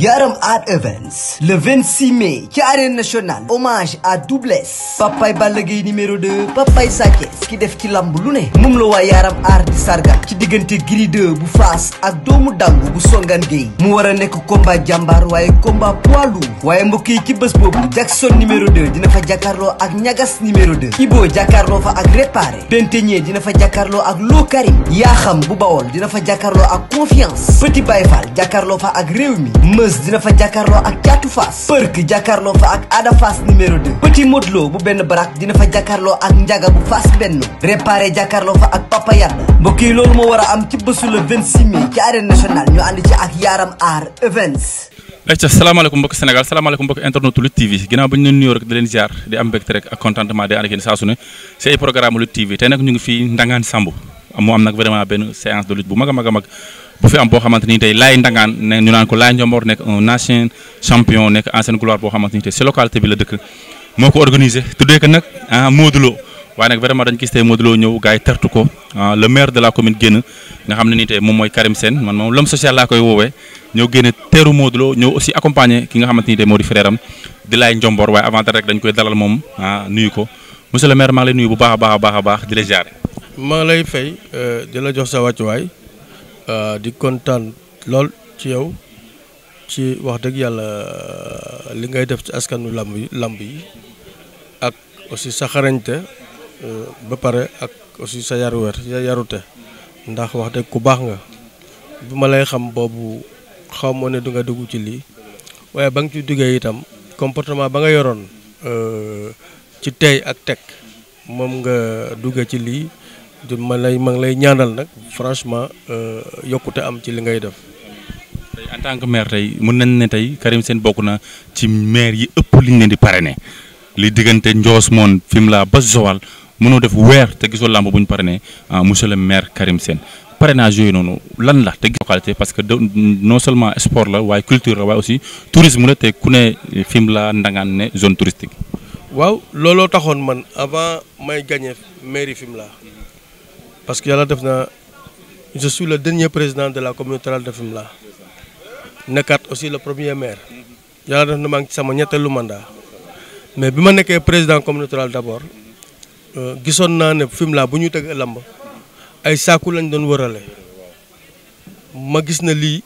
Yaram Art Events le 26 mais ci arène nationale hommage à Double Less papay Balla numéro 2 papay Sa ki def ci lamb lu ne moom la waa Yaram Art di sargal ci diggante Gris 2 bu Fass ak doomu dangu bu Songan Gueye mu war a nekk combat jàmbar waaye combat poids waaye mbokk yi ci bës boobu Jackson numéro 2 dina fa jàkkaarloo ak Ñagas numéro 2 Ibo jàkkaarloo fa ak Réparé Benteñe dina fa jàkkaarloo ak Lo Karim Yaaxam bu bawoon dina fa jàkkaarloo ak Confiance Petit Baye Fall jàkkaarloo fa ak Réew mi Reuz dina fa jàkkaarloo ak Caatu Faas Përk jàkkaarloo fa ak Ada Faas numéro 2 Petit Modou bu benn barak dina fa jàkkaarloo ak Njaga bu Faas benn réparé jàkkaarloo fa ak Papa Yade mbokk loolu moo war am ci bésu le 26 mai ci arène nationale ñu ànd ci ak Yaram Art Events acca salaamaaleykum mbokk Sénégal salaamaaleykum mbokk internet Lutte TV ginnaaw ba ñu leen nuyoo rek leen ziar di am mbégte rek ak contentement di ànd ak yéen saa si ay programme Lutte TV tey nag ñu ngi fii Ndangaan Samb mu am nag vraiment benn séance de bu mag mag a bu fi am boo xamante ni tey Laye Ndangaan ne ñu naan ko Laye Ndiomboor nekk un ancien champion nekk ancienne gloire boo xamante ni tey si localité bi la dëkk moo ko organisé tuddee ko nag ah Modou Lo waaye nag vraiment dañ gis tey Modou ñëw gars tertu ko ah, le maire de la commune génn nga xam ne ni tey moom mooy Karim Sène man moom l'homme social laa koy woowee ñëw génne teeru Modou ñëw aussi accompagner ki nga xamante ni tey moo di frère am di Laye Ndiomboor waaye avant rek moom ah ko monsieur le maire maa lay nuyu bu baax a baax baax di la euh, la jox sa wàccuwaay Euh, di kontaan lool ci yow ci wax dëgg yàlla li ngay def ci askanu làmb yi làmb yi ak aussi sa xarañte euh, ba pare ak aussi sa yaruwer sa yarute ndax wax dëgg ku baax nga bi ma lay xam boobu xaw ma ne du nga dugg ci lii waaye ba nga ci duggee itam comportement ba nga yoroon euh, ci tey ak teg moom nga duggee ci lii di ma lay ma ngi lay ñaanal nag franchement euh, yokkute am ci li ngay def. en tant que maire tey mën nañ ne tey Karim Sène bokk na ci maire yi ëpp liñ leen di ne li diggante Ndios moon Fimela ba Joal mënoo def weer te gisoo làmb bu ñu parrainé ah, monsieur le maire Karim Sène parrainage yooyu noonu lan la te gis localité parce que non seulement sport la waaye culture la waaye aussi tourisme la te ku ne Fimela Ndangaan ne zone touristique. waaw looloo taxoon man avant parce que yàlla def na je suis le dernier président de la communauté rurale de Fimela nekkaat aussi le premier maire yàlla def na maa ngi ci sama ñetteelu mandat mais bi ma nekkee président communauté rurale d'abord euh, gisoon naa ne Fimela bu ñu teg lamb ay saaku lañ doon wërale ma gis na lii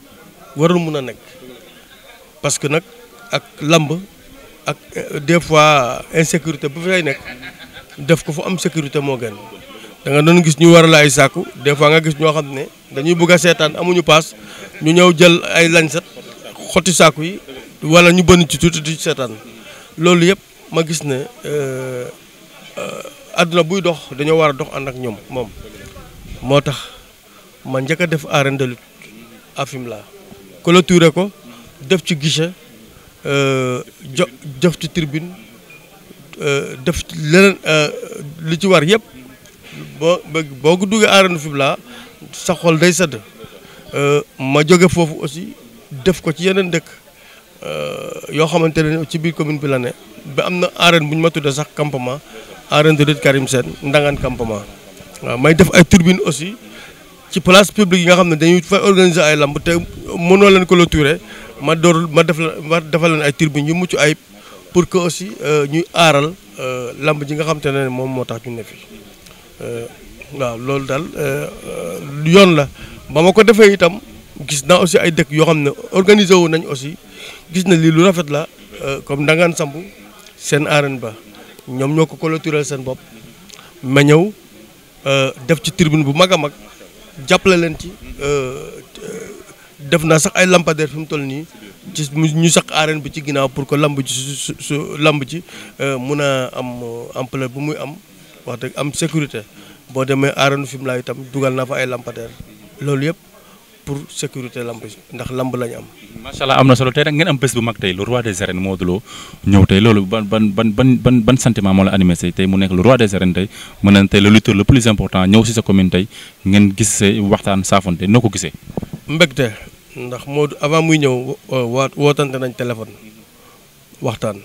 warul mun a nekk parce que nag ak lamb ak euh, des fois insécurité bu fay nekk def ko fu am sécurité moo gën. da doon gis ñu warala ay sàkku des fois nga gis ñoo xam ne dañuy bëgg a seetaan amuñu paas ñu ñëw jël ay lañset xotti sàkku yi wala ñu bënn ci tuuti di seetaan loolu yëpp ma gis ne àdduna euh, euh, buy dox dañoo war a dox ànd ak ñoom moom moo tax ma njëkk a def arène de lutte à Fimela ko def ci guichet euh, jo ci tirbine def ci leneen li ci war yëpp boo boo ko duggee arène fibla sa xol day sedd euh, ma jóge foofu aussi def ko ci yeneen dëkk euh, yoo xamante ne ci biir commune bi la ne ba am na arène bu ñu ma tuddee sax campement arène de Karim Sène ndangaan campement waa may def ay turbine aussi ci place publique yi nga xam ne dañuy fay organiser ay lamb te mënoo leen ko clôturer ma door ma def la ma defal leen ay turbine yu mucc ayib pour que aussi euh, ñuy aaral lamb ji nga xam te ne moom moo tax ñu fi Euh, waaw loolu daal euh, euh, yoon la ba ma ko defee itam gis naa aussi ay dëkk yoo xam ne organiser wu nañ aussi gis na lii lu rafet la comme Ndangaan Samb seen arène ba ñoom ñoo ko clôturer seen bopp ma ñëw def ci tirbine bu mag a mag jàppale leen ci def naa sax ay lampadaire fi mu toll nii ci ñu sax arène bi ci ginnaaw pour que lamb ci su su lamb ji mun a am emple bu muy am wax dëgg am sécurité boo demee aaranu fi mu laay itam dugal naa fa ay lampadaire loolu yëpp pour sécurité lamb yi ndax lamb lañu am. macha allah am na solo tey nag ngeen am bés bu mag tey le roi des arènes Modou Lo loolu ban ban ban ban ban sentiment moo la animé tey mu nekk le roi des arènes tey mën nañ tey le lutteur le plus important ñëw si sa commune tey ngeen gis say waxtaan saafonte noo ko gisee. mbégte ndax Modou avant muy ñëw wa wootante nañ téléphone waxtaan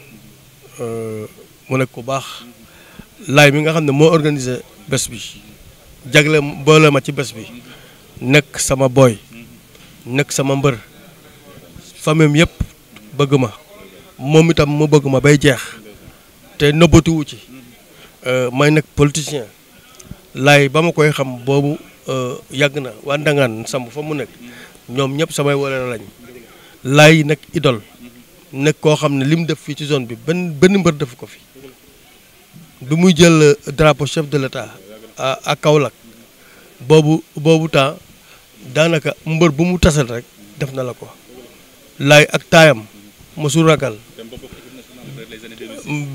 euh, mu nekk ku baax. laay mi nga xam ne moo organisé bés bi boole ma ci bés bi nekk sama booy nekk sama mbër famille yëpp bëgg ma moom itam mu bëgg ma bay jeex te nëbbatuwu ci euh, may nekk politicien laay ba ma koy xam boobu euh, yàgg na waa Ndangaan samb fa mu nekk ñoom ñëpp samay wole lañ laay nekk idole nekk koo xam ne li mu def fii ci zone bi benn benn mbër defu ko fi du muy jël euh, drapeau chef de l'état à Kaolack boobu boobu temps daanaka mbër bu mu tasal rek def na la ko lay ak taayam mësul ragal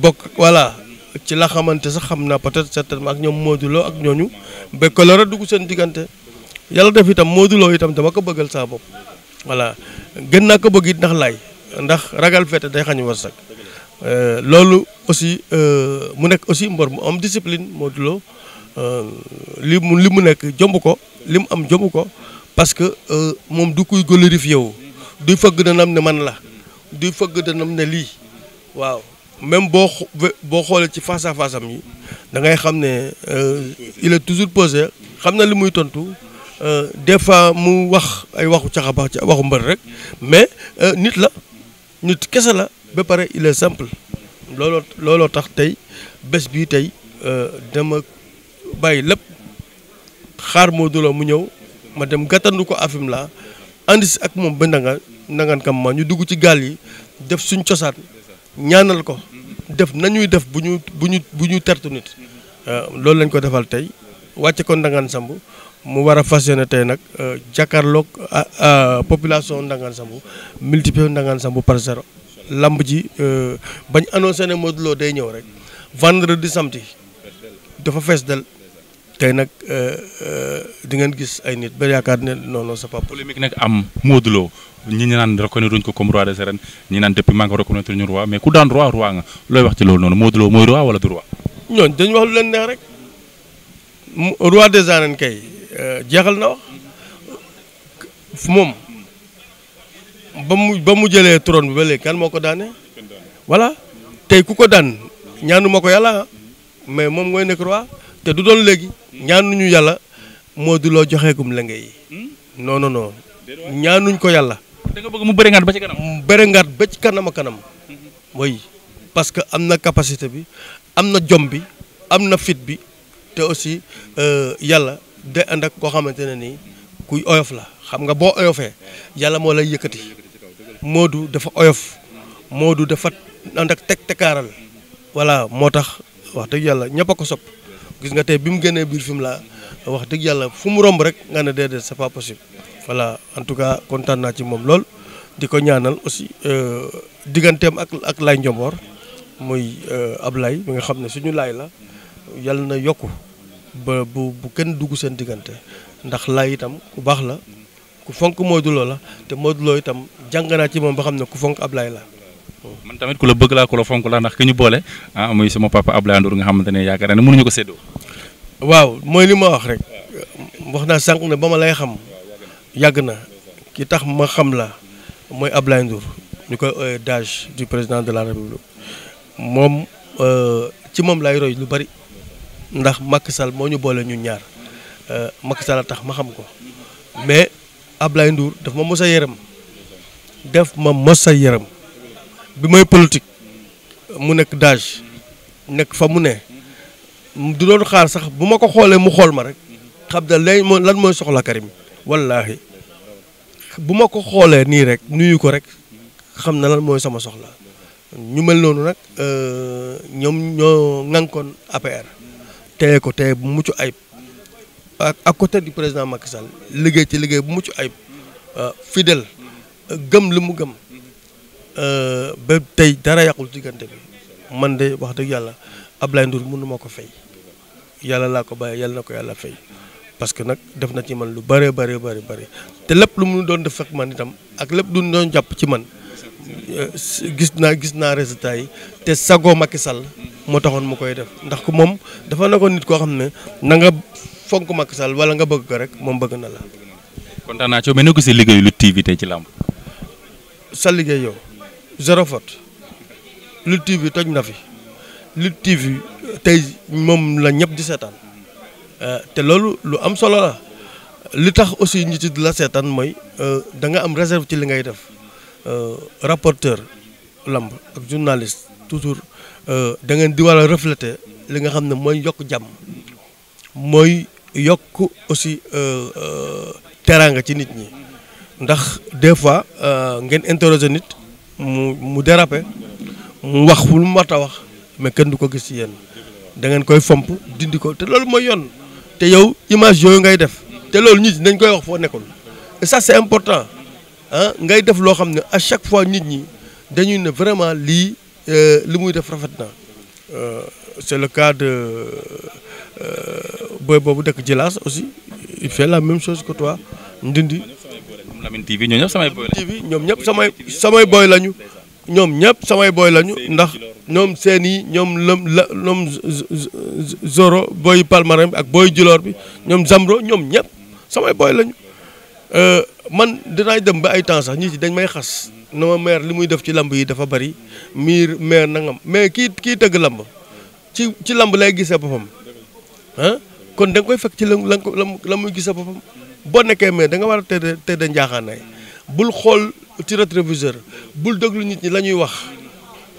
bokk voilà ci la xamante sax xam naa peut-être certainement ak ñoom Modou Lo ak ñooñu ba kolora dugg seen diggante yàlla def itam Modou itam dama ko bëggal saa bopp voilà gën naa ko bëgg it ndax lay ndax ragal fete day xañu wërsëg Euh, loolu aussi euh, mu nekk aussi mbor mu am discipline Modou Lo euh, li mu li mu nekk jomb ko li mu am jomb ko parce que moom du kuy glorifié wu du fëgg danam ne man la du fëgg danam ne lii waaw même boo boo xoolee ci face à yi da ngay xam ne il est toujours posé xam na li muy tontu des fois mu wax ay waxu caxabax ci waxu mbër rek mais nit la nit kese la ba pare il est looloo looloo tax tey bés bii tey euh, dama bàyyi lépp xaar moo Lo mu ñëw ma dem gàttandu ko afim la ànd si ak moom ba ndanga ndangankam ma ñu dugg ci gaal yi def suñ cosaan ñaanal ko def nañuy def bu ñu bu ñu bu ñu tertu nit euh, loolu lañ ko defal tey wàcce ko ndangaan samb mu war a fas yéene tey nag euh, jàkkaarloog population ndangaan samb multiplier ndangaan samb par zéro lamb ji euh, bañ annoncé ne Modou Lo day ñëw rek vendredi samedi dafa fees del tey nag euh, euh, di ngeen gis ay nit ba yaakaar ne non non c'est pas polémique nag am Modou Lo ñi ñu naan reconnaître duñ ko comme roi des arènes ñi naan depuis maa ngi reconnaître ñu roi mais ku daan roi roi nga looy wax ci loolu noonu Modou Lo mooy roi wala du roi. ñooñu dañu wax lu leen neex rek moom ba mu ba mu jëlee trône bi ba léegi kan moo ko daane voilà tey ku ko daan ñaanu ma ko yàlla mais moom mooy nekk roi te du doon léegi ñu yàlla moo du loo joxeegum la ngay hmm? non non non ñaanuñ ko yàlla. da nga mu bëri ngaat ba ci kanam. mu bëri ngaat ba ci kanam a kanam. Hmm. parce que am na capacité bi am na jom bi am na fit bi te aussi euh, yàlla day ànd ak koo xamante ne nii kuy oyof la xam nga boo oyofee yàlla moo lay yëkkati. moo du dafa oyof Modou dafa ànd ak teg tekaaral voilà moo tax wax dëgg yàlla ñëpp a ko sopp gis nga tey bi mu génnee biir film la wax dëgg yàlla fu mu romb rek nga ne déedéet c'est pas possible voilà en tout cas kontaan naa ci moom lool di ko ñaanal aussi euh, digganteem ak ak Laye Ndiomboor muy euh, Ablaye mi nga xam ne suñu laay la yàlla na yokku ba bu bu kenn dugg seen diggante ndax Laye itam ku baax la ku fonk Modou Lo la te Modou Lo itam jàng naa ci moom ba xam ne ku fonk ablaay la. man tamit ku la bëgg laa ku la fonk la ndax ki ñu boole ah muy sama papa Ablaye Ndour nga xamante ne yaakaar naa ne mënuñu ko séddoo. waaw mooy li ma wax rek wax naa sànq ne ba lay xam yàgg na ki tax ma xam la mooy Ablaye Ndour ñu koy oyee dage président de la République moom euh, ci moom lay roy lu bari ndax Macky sal moo ñu boole ñun ñaar euh, Macky Sall a tax ma xam ko mais Ablaye Ndour daf ma mos a yërëm def ma mos a yërëm bi may politique mu nekk dage nekk fa mu ne du doon xaar sax bu ma ko xoolee mu xool ma rek xam da lay moo lan mooy soxla Karim wallaahi bu ma ko xoolee nii rek nuyu ko rek xam na lan mooy sama soxla ñu mel noonu nag euh, ñoom ñoo ŋànkoon APR teye ko teye bu mucc ayib à côté du président Macky Sall liggéey ci liggéey bu mu mucc ayib euh, fidèle gëm li mu gëm euh, ba tey dara yàqul diggante bi man de wax dëgg yàlla Ablaye Ndour mënu ma ko fay yàlla laa ko bàyyi yàlla na ko yàlla fay parce que nag def na ci man lu bëree bëri bëri bëri te lépp lu mu doon def fekk man itam ak lépp lu mu doon jàpp ci man euh, gis naa gis naa résultat yi te sagoo Macky sal moo taxoon mu koy def ndax ku moom dafa nekkoon nit koo xam ne na fonk Macky Sall wala nga bëgg ko rek moom bëgg na la. kontaan naa ci mel ko si liggéey Lutte TV tey ci làmb. sa liggéey yow zéro faute Lutte TV toj na fi Lutte TV tey moom la ñëpp di seetaan euh, te loolu lu am solo la li tax aussi ñi ci di la seetaan mooy euh, da nga am réserve ci li ngay def euh, rapporteur làmb ak journaliste toujours da ngeen di war a refléter li nga xam ne mooy yokk jàmm mooy yokk aussi euh, euh, teraanga ci nit ñi ndax des fois euh, ngeen interroger nit mu mu déraper mu wax lu mu wax mais kenn du ko gis ci yéen da ngeen koy fomp dindi ko te loolu mooy yoon te yow image yooyu ngay def te loolu nit ñi dañ koy wax foo nekkul et ça c'est important ah ngay def loo xam ne à chaque fois nit ñi dañuy ne vraiment lii li muy def rafet na c'est le cas de. booy boobu dëkk Djilass aussi il fait la même chose que toi Ndindi. Lamine TV ñoom ñëpp samay booy lañu. ñoom ñëpp samay samay booy lañu. ñoom ñëpp samay booy lañu ndax ñoom seen yi ñoom lëm la ñoom Zoro booy Palmarin bi ak booy Djilor bi ñoom Zambro ñoom ñëpp samay booy lañu. man dinaa dem ba ay temps sax ñii ci dañ may xas na ma li muy def ci lamb yi dafa bari miir maire nangam mais kii kii tëgg lamb ci ci lamb lay gisee boppam kon da nga koy fekk ci la la la muy gis sa boo nekkee mais da nga war a tëdd tëdd njaaxaanaay bul xool ci rétroviseur bul déglu nit ñi la ñuy wax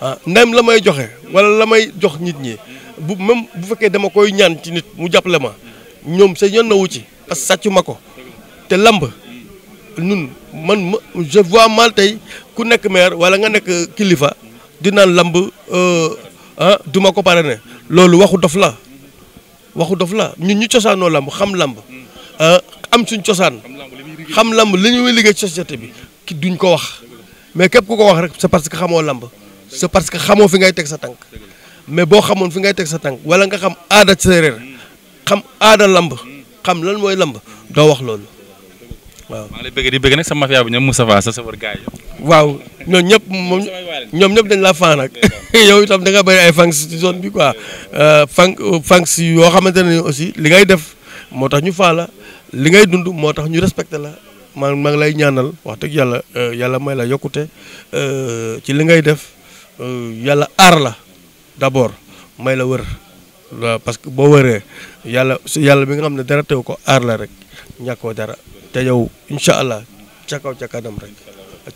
ah ndem la may joxe wala la may jox nit ñi bu même bu fekkee dama koy ñaan ci nit mu jàppale ma ñoom sa yoon na ci parce que ma ko te lamb nun man ma je vois mal tey ku nekk maire wala nga nekk kilifa dinaan lamb euh, ah du ma ko pare ne loolu waxu dof la. waxu dof la ñun ñu cosaanoo lamb xam lamb ah, am suñ cosaan xam lamb li ñuy liggéey ci bi ki duñ ko wax mais képp ku ko wax rek c'est parce que xamoo lamb c'est parce que xamoo fi ngay teg sa tànk mais boo xamoon fi ngay teg sa tànk wala nga xam aada séeréer xam aada lamb xam lan mooy lamb doo wax loolu waaw. maa ngi lay bëgg di bëgg nag sa sa sa war waaw ñoom ñëpp moom ñoom ñëpp dañ laa fan nag yow itam da nga bëri ay fans ci zone bi quoi fan euh, fans yoo xamante ne aussi li ngay def moo tax ñu faa la li ngay dund moo tax ñu respecté la maa maa ngi lay ñaanal wax dëgg yàlla euh, yàlla may la yokkute euh, ci li ngay def yàlla aar la d'abord may la wër parce que boo wëree yàlla si yàlla bi nga xam ne dara teew ko aar la rek ñàkkoo dara te yow incha allah ca kaw ca kanam rek.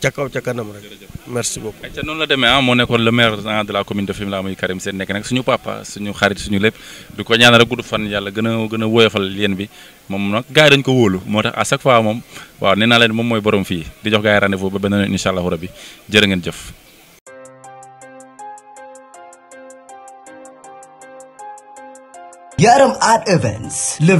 ca kaw ca kanam rek merci beaucoup. ayca noonu la demee ah moo nekkoon le maire ah, de la commune de Fimela muy Karim Sène nekk nag suñu papa suñu xarit suñu lépp du ko ñaan rek gudd fan yàlla gën a gën a woyofal yéen bi moom nag gars yi dañu ko wóolu moo tax à chaque fois moom waaw nee leen moom mooy borom fii di jox gars yi rendez-vous ba beneen yoon incha allahu rabi jërë ngeen jëf. Yaram Art Events le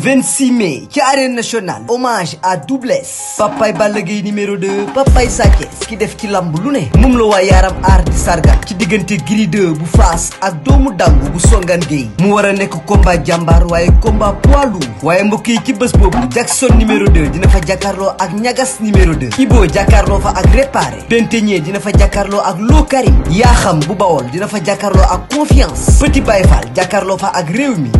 mais ci arène nationale hommage à Double Less papay Balla numéro 2 papay Sa ki def ci lamb lu ne moom la waa Yaram Art di sargal ci diggante Gris 2 bu Fass ak doomu dangu bu Songan Gueye mu war a nekk combat jàmbaar waaye combat poids waaye mbokk yi ci bés boobu Jackson numéro 2 dina fa jàkkaarloo ak ñagas numéro 2 Ibo jàkkaarloo fa ak réparé Benteñe dina fa jàkkaarloo ak Lo Karim Yaaxam bu Bawol dina fa jàkkaarloo ak confiance Petit Baye Fall jàkkaarloo fa ak réew mi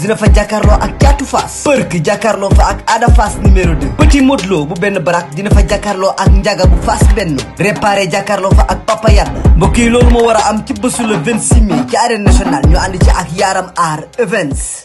dina fa jàkkaarloo ak caatu Fass Perk jàkkaarloo fa ak Ada Fass numéro 2 Petit Modou Lo bu benn barak dina fa jàkkaarloo ak Njaga bu Fass benn réparé jàkkaarloo fa ak Papa Yada mbokk yi loolu moo war a am ci bésu le 26 ci arène national ñu ànd ci ak Yaram Art Events